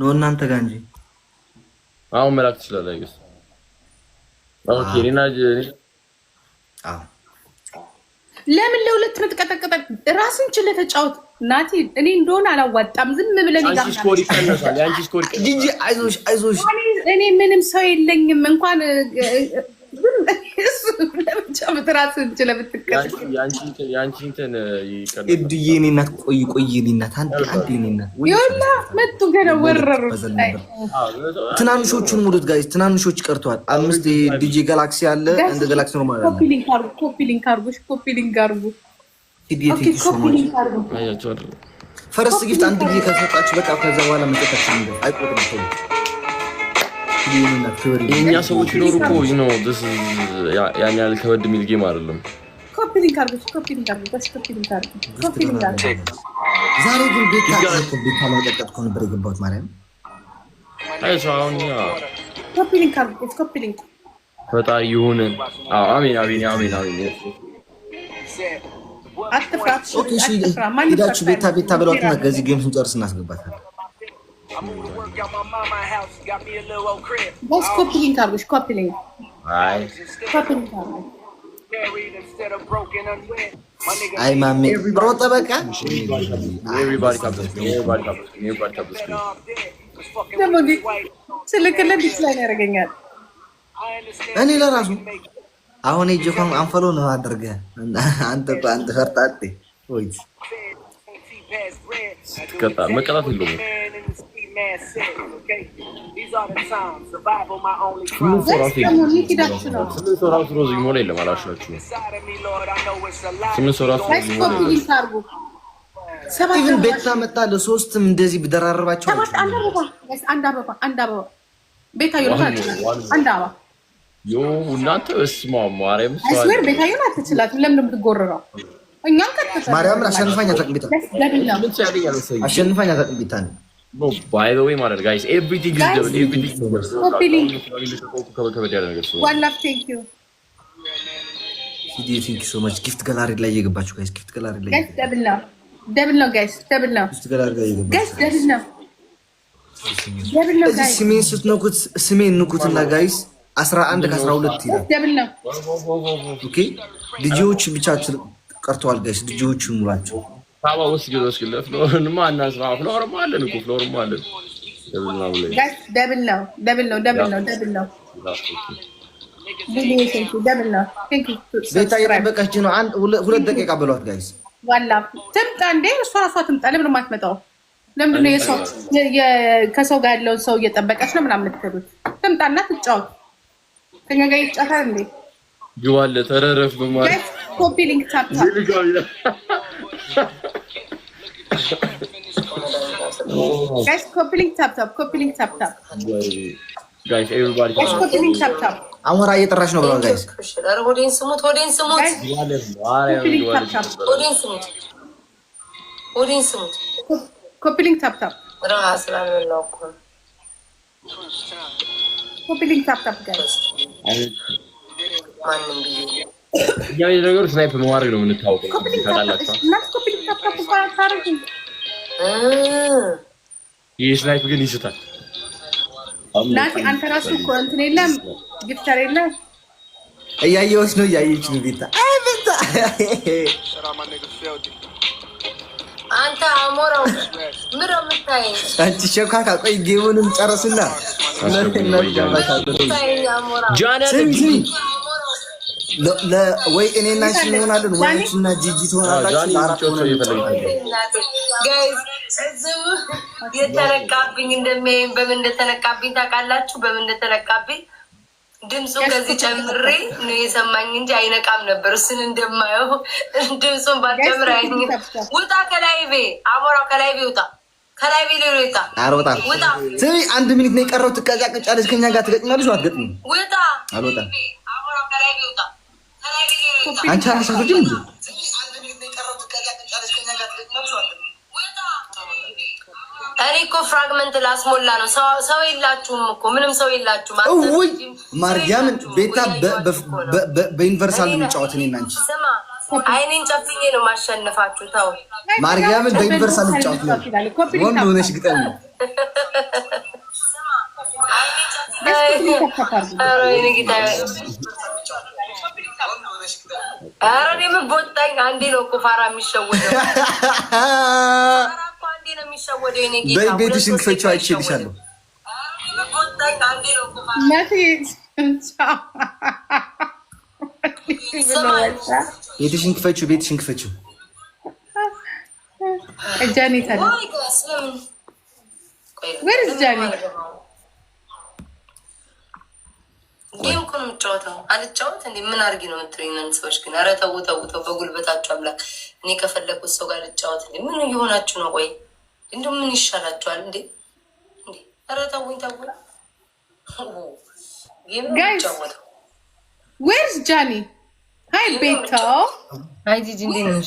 ነው እናንተ ጋር እንጂ አሁን መላክ ትችላለህ። አይገስ ኦኬ። ሪና አዎ፣ ለምን ለሁለት ምትቀጠቀጠ? ራስን ችለህ ተጫወት ናቲ። እኔ እንደሆነ አላዋጣም። ዝም ብለን አንቺ አይዞሽ፣ አይዞሽ። እኔ ምንም ሰው የለኝም እንኳን ጨምት ራስ እንችለ ብትቀጥልንትን እድዬ እኔ እናት ቆይ ቆይ እኔ እናት አንድ አንድ እኔ እናት ይላ መጡ ገና ወረሩ። ትናንሾቹን ሙሉት ጋይስ፣ ትናንሾች ቀርተዋል። አምስት ዲጂ ጋላክሲ አለ እንደ ጋላክሲ ኖርማል ኮፒ ሊንክ አርጉ፣ ኮፒ ሊንክ አርጉ፣ ኮፒ ሊንክ አርጉ። ፈረስ ጊፍት አንድ ጊዜ ከሰጣችሁ በቃ ከዛ በኋላ መጠቀስ አይቆጥም ሰው የእኛ ሰዎች ይኖሩ እኮ ነው። ያን ያህል ከበድ የሚል ጌም አይደለም። ዛሬ ግን ቤታ ቤታ ነበር የገባሁት ማርያም ይሁን። አሜን አሜን አሜን አሜን። ሄዳችሁ ቤታ ቤታ ከዚህ ጌም ስንጨርስ እናስገባታለን። ቦስ ኮፒ ሊንክ አድርጎሽ፣ ኮፒ ሊንክ አይ ማሜ ሮጠ በቃ ደግሞ ስልክልን ዲስላይን ያደርገኛል። እኔ ለራሱ አሁን የጆፋን አንፈሎ ነው አድርገ አንተ አንተ ፈርጣቴ ወይ ስትቀጣ መቀጣት የለውም ሁሉም ስምንት ሰው ራሱ ሮዝ ሞላ የለም አላሻችሁ ስምንት ሰው ራሱ ኢቨን ቤታ መጣ ለሶስትም እንደዚህ ብደራረባቸው አንድ አበባ አንድ ማርያም ስር ቤታዬን አትችላትም። ለምን የምትጎርረው? እኛም ማርያምን አሸንፋኝ አታውቅም። ቤታ አሸንፋኝ አታውቅም ቤታ ነው No, by the way, Maran, guys, everything guys, is there. Everything is there. Hopefully. One love, thank you. CD, thank you so much. Gift gallery ላይ የገባችሁ guys, gift gallery ላይ guys, ደብል ነው ደብል ነው guys፣ ደብል ነው gift gallery ላይ የገባችሁ guys፣ ደብል ነው ደብል ነው guys። ስሜን ስትነኩት ስሜን ንኩትና guys 11 ከ12 ይላል። ደብል ነው ኦኬ። ልጆች ብቻ ቀርተዋል guys፣ ልጆች ሙላቸው ሳባ ውስጥ ጆሮስ ግለ ፍሎርማ እና ስራ ፍሎርማ አለን እኮ ፍሎርማ አለን። ደብል ነው ደብል ነው ደብል ነው ደብል ነው ደብል ነው። ቤታ እየጠበቀች ነው። አንድ ሁለት ደቂቃ ብሏት ጋይስ። ዋላ ትምጣ እንዴ እሷ ራሷ ትምጣ። ለምን ማትመጣው? ለምንድን ነው የሰው ከሰው ጋር ያለውን ሰው እየጠበቀች ነው ምናምን የምትሉት? ትምጣና ትጫወት ከኛ ጋር ይጫታል እንዴ ግባለ ተረረፍ በማለት ኮፒ ሊንክ ታጣ Guys, copy tap tap, copy tap tap. Guys, everybody. Guys, copy tap tap. አሞራ እየጠራች ነው ብለዋል። ጋይስ ሆዴን ስሙት፣ ሆዴን ስሙት፣ ሆዴን ስሙት፣ ሆዴን ስሙት። ኮፒሊንግ ታፕታፕ ራስ ላልበላው ያው የነገሩ ስናይፕ መዋረግ ነው የምንታወቀው። ይህ ስናይፕ ግን ይስታል። አንተ ራሱ እኮ እንትን የለም ጊፍተር የለም። እያየሁሽ ነው እያየች ነው ቤታ አንተ አሞራው ምሮ ምታይ አንቺ ሸካካ ቆይ ጌሙንም ጨረስና ጃነት ወይ እኔና አንቺ እንሆናለን ወይ አንቺና ጂጂ ትሆናላችሁ። የተነቃብኝ እንደሚያይም በምን እንደተነቃብኝ ታውቃላችሁ፣ በምን እንደተነቃብኝ ድምፁ ከዚህ ጨምሬ ነው የሰማኝ እንጂ አይነቃም ነበር። እሱን እንደማየው ድምፁን ባልጨምር አይኝ። ውጣ ከላይቤ አሞራው ከላይቤ ከላይ ቪዲዮ ውጣ። ስሚ አንድ ሚኒት ነው የቀረው። ትቀጫቀጫለች ከኛ ጋር ትገጥማለች። አትገጥም። ውጣ። አልወጣም። አሞራው ከላይ ቪዲዮ ይውጣ። አንቺ አራሳቶች እንዴ እኔ እኮ ፍራግመንት ላስሞላ ነው። ሰው የላችሁም እኮ ምንም ሰው የላችሁም። እውይ ማርያምን ቤታ በዩኒቨርሳል እንጫወት። እኔ እና አንቺ አይኔን ጨፍኜ ነው ማሸነፋችሁ። ተው ማርያምን በዩኒቨርሳል እንጫወት ነው። ወንድ ሆነሽ ግጠም ነው። ኧረ የእኔ ጌታ ኧረ እኔ ምን አንዴ ነው እኮ ፋራ የሚሸወደው። ፋራ እኮ አንዴ ቤትሽን ክፈችው፣ ቤትሽን ክፈችው። ጃኒ ታዲያ ወይስ ጃኒ የምጫወተው አልጫወት እንዴ? ምን አድርጊ ነው የምትሉኝ? እናንተ ሰዎች ግን ኧረ ተው ተው ተው፣ በጉልበታችሁ አምላክ። እኔ ከፈለግኩት ሰው ጋር ልጫወት እንዴ? ምን እየሆናችሁ ነው? ቆይ እንዲ ምን ይሻላችኋል እንዴ? ኧረ ተውኝ ተው። ዌርስ ጃኒ? ሀይ ቤታው። ሀይ ጂጂ፣ እንዴ ነው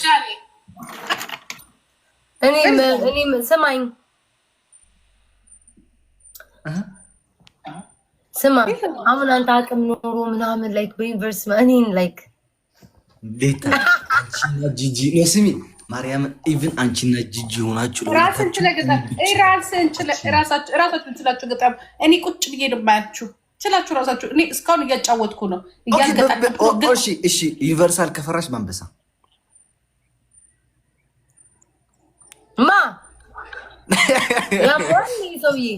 እኔ እኔ ሰማኝ uh-huh. ስማ አሁን አንተ አቅም ኖሮ ምናምን ላይክ በዩኒቨርስ እኔን ላይክ ቤታ አንቺና ጂጂ ነው። ስሚ ማርያም ኢቭን አንቺና ጂጂ ሆናችሁ ራስን ችላችሁ ገጠም እኔ ቁጭ ብዬ ድማያችሁ ችላችሁ ራሳችሁ እኔ እስካሁን እያጫወትኩ ነው እያገጣእሺ እሺ ዩኒቨርሳል ከፈራሽ ማንበሳ ማ ሰውዬ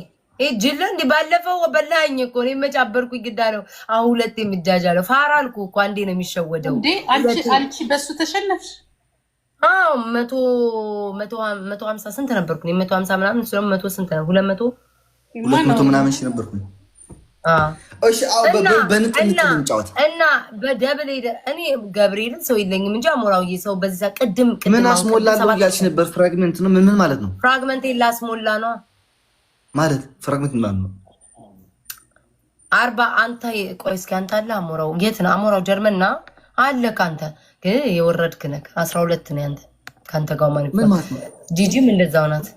ጅል እንዲህ ባለፈው በላኝ እኮ እኔ መጫበርኩኝ ግዳ ነው። አሁን ሁለቴ የምጃጃለው ፋራ አልኩ እኮ አንዴ ነው የሚሸወደው። አንቺ በሱ ተሸነፍሽ። አዎ መቶ መቶ ሀምሳ ስንት ነበርኩ መቶ ሀምሳ ምናምን እሱ መቶ ስንት ነው ሁለት መቶ ሁለት መቶ ምናምን ሺህ ነበርኩኝ። እና በደብል እኔ ገብርኤልን ሰው የለኝም እንጂ አሞራውዬ ሰው በዛ ቅድም ምን አስሞላ ያልሽ ነበር። ፍራግመንት ነው ምን ማለት ነው? ፍራግመንት ላስሞላ ነው ማለት ፍራግመንት ማለት ነው። አርባ አንተ ቆይ እስኪ አንተ አለ አሞራው የት ነው አሞራው? ጀርመን ና አለ ከአንተ ግን የወረድክ ነህ። አስራ ሁለት ነው ያንተ ከአንተ ጋር ማለት ነው። ጂጂም እንደዛው ናት።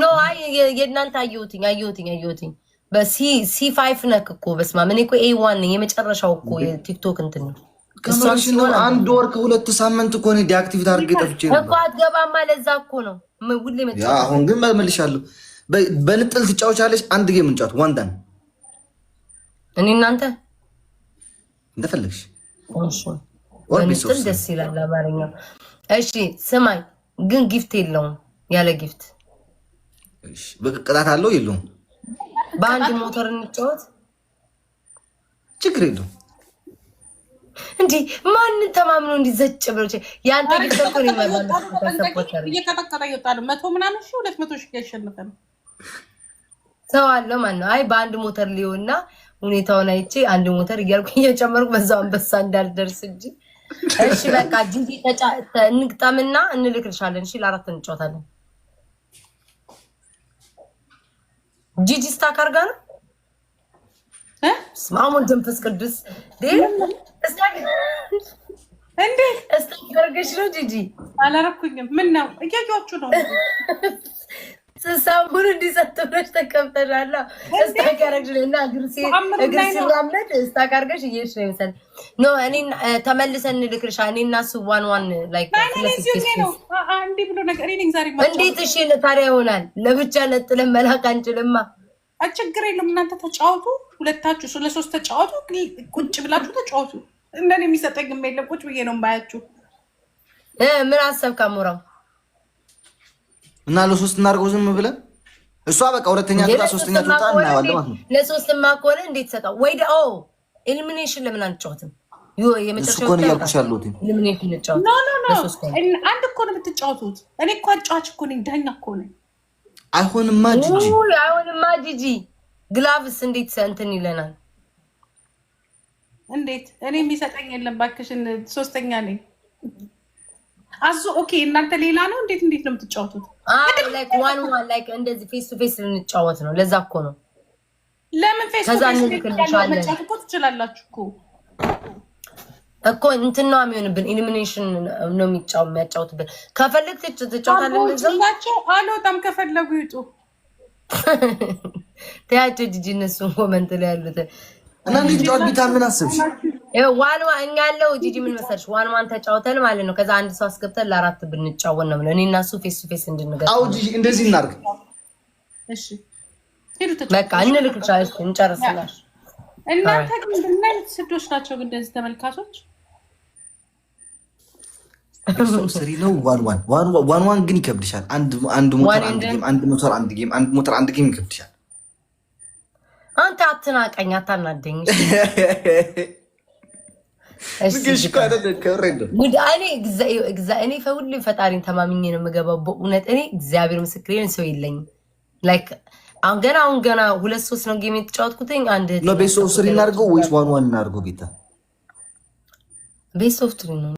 ኖ አይ የእናንተ አየሁትኝ አየሁትኝ አየሁትኝ በሲ ሲ ፋይፍ ነክ እኮ በስማ ምን እኮ ኤ ዋን የመጨረሻው እኮ የቲክቶክ እንትን ነው። አንድ ወር ከሁለት ሳምንት እኮ ነው ዲአክቲቭ አድርጌ ጠፍቼ ነው እኮ አትገባማ። ለዛ እኮ ነው ሁሌ መጫ አሁን ግን መልሻለሁ በንጥል ትጫወቻለች። አንድ ጌም እንጫወት። ዋንዳን እኔ እናንተ እንደፈለግሽ በንጥል ደስ ይላል አማርኛ። እሺ ስማኝ፣ ግን ጊፍት የለውም ያለ ጊፍት ቅጣት አለው የለውም። በአንድ ሞተር እንጫወት፣ ችግር የለውም። እንዲህ ማንን ተማምኖ እንዲዘጭ ብሎ የአንተ ጊፍት እኮ ነው። ይመጣል እየቀጠቀጠ ይወጣል። መቶ ምናምን ሺህ ሁለት መቶ ሺህ ያሸንፈ ነው ሰው አለ ማለት ነው። አይ በአንድ ሞተር ሊሆንና ሁኔታውን አይቼ አንድ ሞተር እያልኩ እየጨመርኩ በዛው አንበሳ እንዳልደርስ እንጂ። እሺ በቃ ጂጂ ተጫ እንግጠምና እንልክልሻለን። እሺ ለአራት እንጫወታለን። ጂጂ ስታክ አድርጋ ነው። በስመ አብ ወወልድ ወመንፈስ ቅዱስ። እንዴ እስታክ አድርገሽ ነው ጂጂ? አላረኩኝም። ምን ነው እያያችሁ ነው ስሳቡን እንዲጸጥ ብለሽ ተቀምጠሻል። እስታክ ያረግሽና እግር ሲራመድ እስታክ አድርገሽ እየሄድሽ ነው ይመስል ኖ እኔ ተመልሰን እንልክልሻ ዋን እንዴት እሺ ታዲያ ይሆናል። ለብቻ ነጥለን መላክ አንችልማ። ችግር የለም እናንተ ተጫወቱ፣ ሁለታችሁ ለሶስት ተጫወቱ፣ ቁጭ ብላችሁ ተጫወቱ። የሚሰጠኝ የለም። ቁጭ ብዬ ነው የማያችሁ። ምን አሰብ ሙራው እና ለሶስት እናድርገው ዝም ብለን እሷ በቃ ሁለተኛ ቱጣ ሶስተኛ ቱጣ እናየዋለን ማለት ነው። ለሶስትማ ከሆነ እንዴት ሰጠው ወይ ደ ኤሊሚኔሽን ለምን አንጫወትም? እሱ እኮ ነው እያልኩሽ ያለሁት። አንድ እኮ ነው የምትጫወቱት። እኔ እኮ አጫዋች እኮ ነኝ፣ ዳኛ እኮ ነኝ። አይሆንማ ጂጂ፣ አይሆንማ ጂጂ። ግላቭስ እንዴት እንትን ይለናል? እንዴት እኔ የሚሰጠኝ የለም እባክሽን፣ ሶስተኛ ነኝ አዞ ኦኬ፣ እናንተ ሌላ ነው። እንዴት እንዴት ነው የምትጫወቱት? ዋን ዋን ላይክ እንደዚህ ፌስ ቱ ፌስ ልንጫወት ነው። ለዛ እኮ ነው። ለምን ፌስ ቱ ፌስ መጫወት እኮ ትችላላችሁ እኮ እኮ እንትን ነው የሚሆንብን። ኢሊሚኔሽን ነው የሚያጫወትብን። ከፈለግ ትጫወታለንቸው አልወጣም። ከፈለጉ ይጡ ተያቸው ጂጂ። እነሱን ኮመንት ላይ ያሉትን እና እንዲጫወት ቢታ ምን አስብሽ? ዋን ዋን እኛ ያለው ጂጂ ምን መሰለሽ፣ ዋን ዋን ተጫውተን ማለት ነው። ከዛ አንድ ሰው አስገብተን ለአራት ብንጫወን ነው እኔ እና እሱ ፌስ ቱ ፌስ እንድንገናኝ። አዎ ጂጂ እንደዚህ እናድርግ። እሺ ሄዱ ተጫወቱ። በቃ እንልክልሻለሽ እንጨርስላሽ። እናንተ ግን ምን አይነት ስዶች ናቸው ግን እንደዚህ ተመልካቾች? ስሪ ነው ዋን ዋን ዋን ዋን ግን ይከብድሻል። አንድ አንድ ሞተር አንድ ጌም አንድ ሞተር አንድ ጌም አንድ ሞተር አንድ ጌም ይከብድሻል። አንተ አትናቀኝ፣ አታናደኝ እኔ ሁሌም ፈጣሪን ተማምኜ ነው የምገባው። በእውነት እኔ እግዚአብሔር ምስክሬን ሰው የለኝም። ገና አሁን ገና ሁለት ሶስት ነው ጌም የተጫወትኩትኝ። አንድ ቤት ሶፍት ስሪ እናድርገው ወይስ ዋን ዋን እናድርገው? ጌታ ቤት ሶፍት ነው